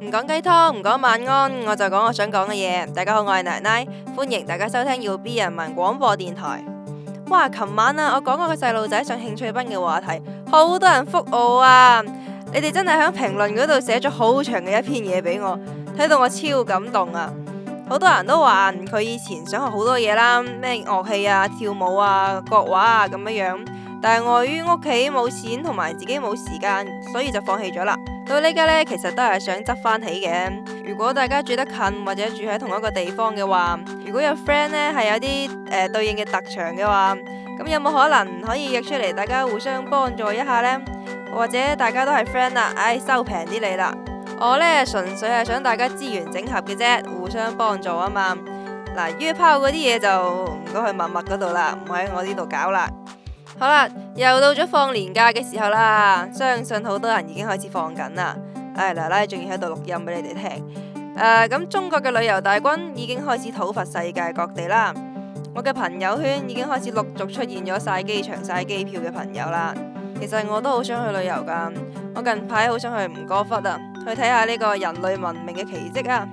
唔講雞湯，唔講晚安，我就講我想講嘅嘢。大家好，我係奶奶，歡迎大家收聽 YB 人民廣播電台。哇，琴晚啊，我講過個細路仔上興趣班嘅話題，好多人覆我啊！你哋真係喺評論嗰度寫咗好長嘅一篇嘢俾我，睇到我超感動啊！好多人都話佢以前想學好多嘢啦，咩樂器啊、跳舞啊、國畫啊咁樣樣，但係礙於屋企冇錢同埋自己冇時間，所以就放棄咗啦。到呢家呢，其實都係想執返起嘅。如果大家住得近或者住喺同一個地方嘅話，如果有 friend 呢，係有啲誒、呃、對應嘅特長嘅話，咁有冇可能可以約出嚟，大家互相幫助一下呢？或者大家都係 friend 啦，唉，收平啲你啦。我呢，純粹係想大家資源整合嘅啫，互相幫助啊嘛。嗱、呃，約炮嗰啲嘢就唔該去陌陌嗰度啦，唔喺我呢度搞啦。好啦，又到咗放年假嘅時候啦，相信好多人已經開始放緊啦。唉、哎，奶奶仲要喺度錄音俾你哋聽。誒、呃，咁中國嘅旅遊大軍已經開始討伐世界各地啦。我嘅朋友圈已經開始陸續出現咗曬機場、曬機票嘅朋友啦。其實我都好想去旅遊噶，我近排好想去吳哥窟啊，去睇下呢個人類文明嘅奇蹟啊！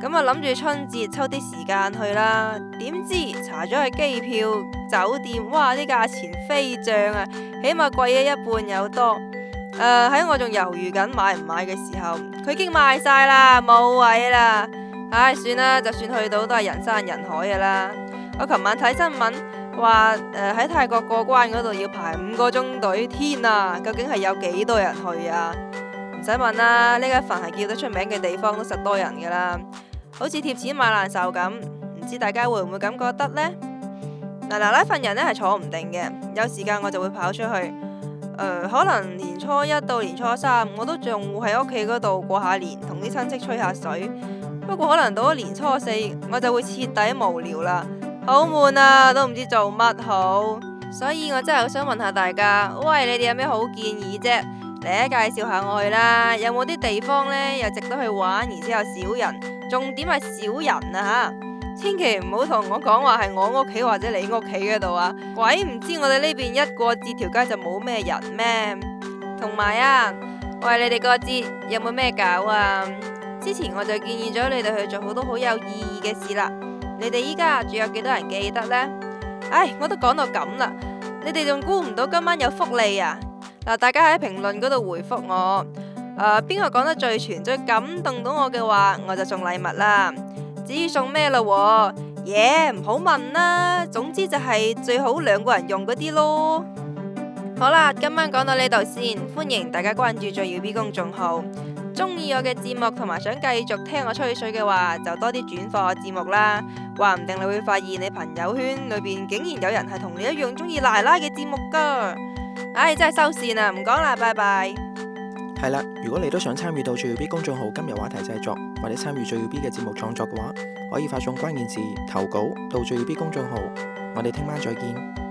咁啊諗住春節抽啲時間去啦，點知查咗去機票、酒店，哇，啲價錢飛漲啊，起碼貴咗一半有多。誒、呃、喺我仲猶豫緊買唔買嘅時候，佢已經賣晒啦，冇位啦。唉、啊，算啦，就算去到都係人山人海噶啦。我琴晚睇新聞話，誒喺、呃、泰國過關嗰度要排五個鐘隊，天啊，究竟係有幾多人去啊？唔使問啦，呢家凡係叫得出名嘅地方都實多人噶啦。好似貼錢買難受咁，唔知大家會唔會咁覺得呢？嗱嗱嗱份人呢係坐唔定嘅，有時間我就會跑出去。誒、呃，可能年初一到年初三，我都仲會喺屋企嗰度過下年，同啲親戚吹下水。不過可能到咗年初四，我就會徹底無聊啦，好悶啊，都唔知做乜好。所以我真係好想問下大家，喂，你哋有咩好建議啫？.你啊，介紹下我去啦，有冇啲地方呢又值得去玩，而且有少人，重點係少人啊吓，千祈唔好同我講話係我屋企或者你屋企嗰度啊，鬼唔知我哋呢邊一過節條街就冇咩人咩，同埋啊，喂，你哋過節有冇咩搞啊？之前我就建議咗你哋去做好多好有意義嘅事啦，你哋依家仲有幾多人記得呢？唉、哎，我都講到咁啦，你哋仲估唔到今晚有福利啊！嗱，大家喺評論嗰度回覆我，誒、呃，邊個講得最全、最感動到我嘅話，我就送禮物啦。至於送咩咯，嘢唔好問啦。總之就係最好兩個人用嗰啲咯。好啦，今晚講到呢度先，歡迎大家關注最耀 B 公眾號。中意我嘅節目同埋想繼續聽我吹水嘅話，就多啲轉發我嘅節目啦。話唔定你會發現你朋友圈裏邊竟然有人係同你一樣中意奶奶嘅節目噶。唉，真係收線啦，唔講啦，拜拜。係啦，如果你都想參與到最耀 B 公眾號今日話題製作，或者參與最耀 B 嘅節目創作嘅話，可以發送關鍵字投稿到最耀 B 公眾號。我哋聽晚再見。